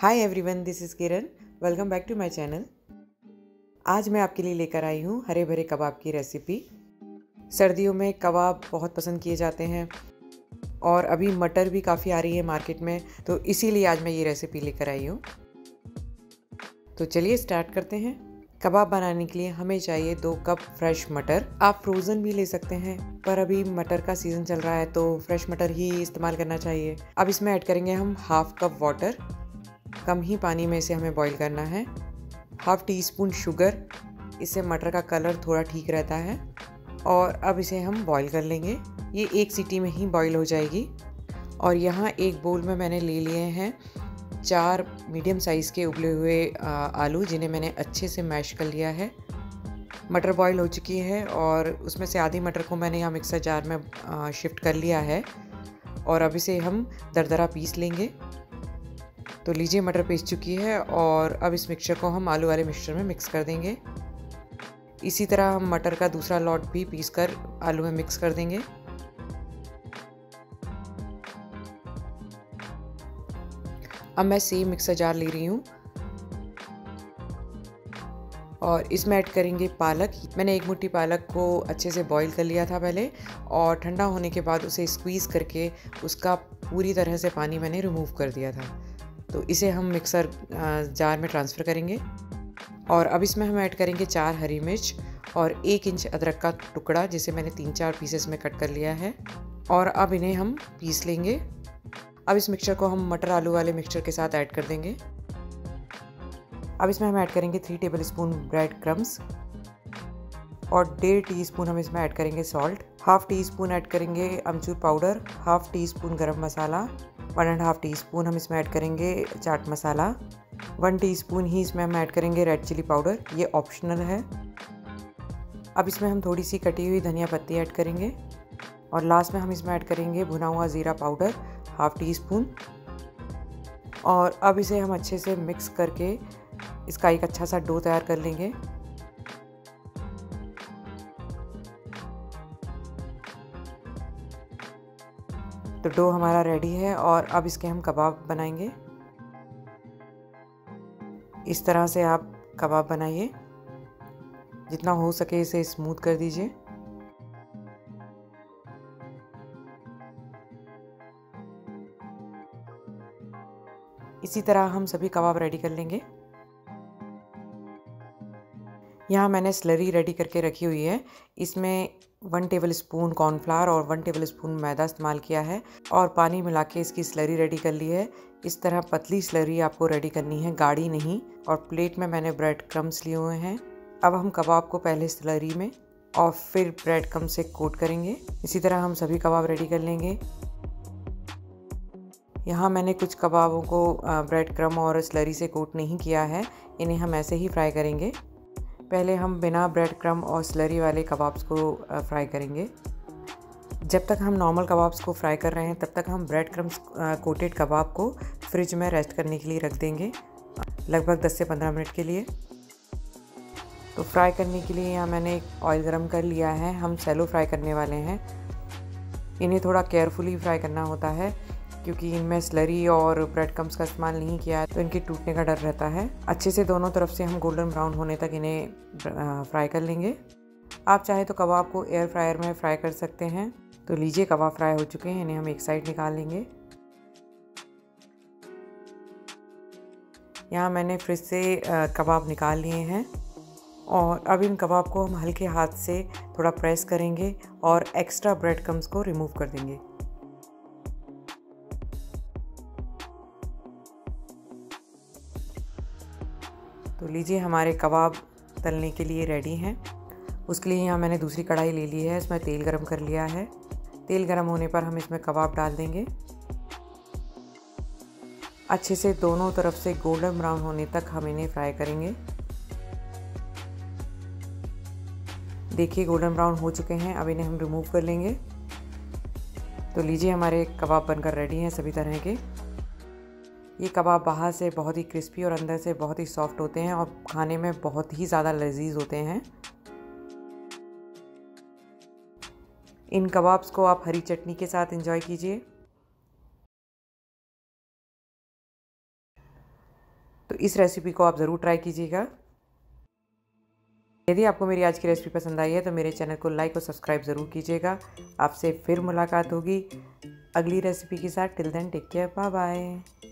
hi everyone this is Kiran welcome back to my channel आज मैं आपके लिए लेकर आई हूँ हरे भरे कबाब की रेसिपी सर्दियों में कबाब बहुत पसंद किए जाते हैं और अभी मटर भी काफ़ी आ रही है मार्केट में तो इसीलिए आज मैं ये रेसिपी लेकर आई हूँ तो चलिए स्टार्ट करते हैं कबाब बनाने के लिए हमें चाहिए दो कप फ्रेश मटर आप फ्रोज़न भी ले सकते हैं पर अभी मटर का सीज़न चल रहा है तो फ्रेश मटर ही इस्तेमाल करना चाहिए अब इसमें ऐड करेंगे हम हाफ कप वाटर कम ही पानी में इसे हमें बॉईल करना है हाफ टी स्पून शुगर इससे मटर का कलर थोड़ा ठीक रहता है और अब इसे हम बॉईल कर लेंगे ये एक सीटी में ही बॉईल हो जाएगी और यहाँ एक बोल में मैंने ले लिए हैं चार मीडियम साइज़ के उबले हुए आलू जिन्हें मैंने अच्छे से मैश कर लिया है मटर बॉईल हो चुकी है और उसमें से आधी मटर को मैंने यहाँ मिक्सर जार में शिफ्ट कर लिया है और अब इसे हम दरदरा पीस लेंगे तो लीजिए मटर पीस चुकी है और अब इस मिक्सचर को हम आलू वाले मिक्सचर में मिक्स कर देंगे इसी तरह हम मटर का दूसरा लॉट भी पीस कर आलू में मिक्स कर देंगे अब मैं सेम मिक्सर जार ले रही हूँ और इसमें ऐड करेंगे पालक मैंने एक मुट्ठी पालक को अच्छे से बॉईल कर लिया था पहले और ठंडा होने के बाद उसे स्क्वीज़ करके उसका पूरी तरह से पानी मैंने रिमूव कर दिया था तो इसे हम मिक्सर जार में ट्रांसफ़र करेंगे और अब इसमें हम ऐड करेंगे चार हरी मिर्च और एक इंच अदरक का टुकड़ा जिसे मैंने तीन चार पीसेस में कट कर लिया है और अब इन्हें हम पीस लेंगे अब इस मिक्सचर को हम मटर आलू वाले मिक्सचर के साथ ऐड कर देंगे अब इसमें हम ऐड करेंगे three tablespoon breadcrumbs और डेढ़ टी स्पून हम इसमें ऐड करेंगे salt half teaspoon add करेंगे अमचूर पाउडर हाफ टी स्पून गर्म मसाला one and half teaspoon हम इसमें ऐड करेंगे चाट मसाला वन टी स्पून ही इसमें हम ऐड करेंगे रेड चिली पाउडर ये ऑप्शनल है अब इसमें हम थोड़ी सी कटी हुई धनिया पत्ती ऐड करेंगे और लास्ट में हम इसमें ऐड करेंगे भुना हुआ ज़ीरा पाउडर हाफ़ टी स्पून और अब इसे हम अच्छे से मिक्स करके इसका एक अच्छा सा डो तैयार कर लेंगे तो डो हमारा रेडी है और अब इसके हम कबाब बनाएंगे इस तरह से आप कबाब बनाइए जितना हो सके इसे स्मूथ कर दीजिए इसी तरह हम सभी कबाब रेडी कर लेंगे यहाँ मैंने स्लरी रेडी करके रखी हुई है इसमें वन टेबल स्पून कॉर्नफ्लावर और वन टेबल स्पून मैदा इस्तेमाल किया है और पानी मिला के इसकी स्लरी रेडी कर ली है इस तरह पतली स्लरी आपको रेडी करनी है गाढ़ी नहीं और प्लेट में मैंने ब्रेड क्रम्स लिए हुए हैं अब हम कबाब को पहले स्लरी में और फिर ब्रेड क्रम से कोट करेंगे इसी तरह हम सभी कबाब रेडी कर लेंगे यहाँ मैंने कुछ कबाबों को ब्रेड क्रम और स्लरी से कोट नहीं किया है इन्हें हम ऐसे ही फ्राई करेंगे पहले हम बिना ब्रेड क्रम और स्लरी वाले कबाब्स को फ्राई करेंगे जब तक हम नॉर्मल कबाब्स को फ्राई कर रहे हैं तब तक हम ब्रेड क्रम्स कोटेड कबाब को फ्रिज में रेस्ट करने के लिए रख देंगे लगभग 10 से 15 मिनट के लिए तो फ्राई करने के लिए यहाँ मैंने एक ऑयल गर्म कर लिया है हम सेलो फ्राई करने वाले हैं इन्हें थोड़ा केयरफुली फ्राई करना होता है क्योंकि इनमें स्लरी और ब्रेड कम्स का इस्तेमाल नहीं किया है तो इनके टूटने का डर रहता है अच्छे से दोनों तरफ से हम गोल्डन ब्राउन होने तक इन्हें फ्राई कर लेंगे आप चाहे तो कबाब को एयर फ्रायर में फ्राई कर सकते हैं तो लीजिए कबाब फ्राई हो चुके हैं इन्हें हम एक साइड निकाल लेंगे यहाँ मैंने फ्रिज से कबाब निकाल लिए हैं और अब इन कबाब को हम हल्के हाथ से थोड़ा प्रेस करेंगे और एक्स्ट्रा ब्रेड कम्स को रिमूव कर देंगे तो लीजिए हमारे कबाब तलने के लिए रेडी हैं उसके लिए यहाँ मैंने दूसरी कढ़ाई ले ली है इसमें तेल गरम कर लिया है तेल गरम होने पर हम इसमें कबाब डाल देंगे अच्छे से दोनों तरफ से गोल्डन ब्राउन होने तक हम इन्हें फ्राई करेंगे देखिए गोल्डन ब्राउन हो चुके हैं अब इन्हें हम रिमूव कर लेंगे तो लीजिए हमारे कबाब बनकर रेडी हैं सभी तरह के ये कबाब बाहर से बहुत ही क्रिस्पी और अंदर से बहुत ही सॉफ्ट होते हैं और खाने में बहुत ही ज़्यादा लजीज होते हैं इन कबाब्स को आप हरी चटनी के साथ इंजॉय कीजिए तो इस रेसिपी को आप ज़रूर ट्राई कीजिएगा यदि आपको मेरी आज की रेसिपी पसंद आई है तो मेरे चैनल को लाइक और सब्सक्राइब ज़रूर कीजिएगा आपसे फिर मुलाकात होगी अगली रेसिपी के साथ till then take care bye bye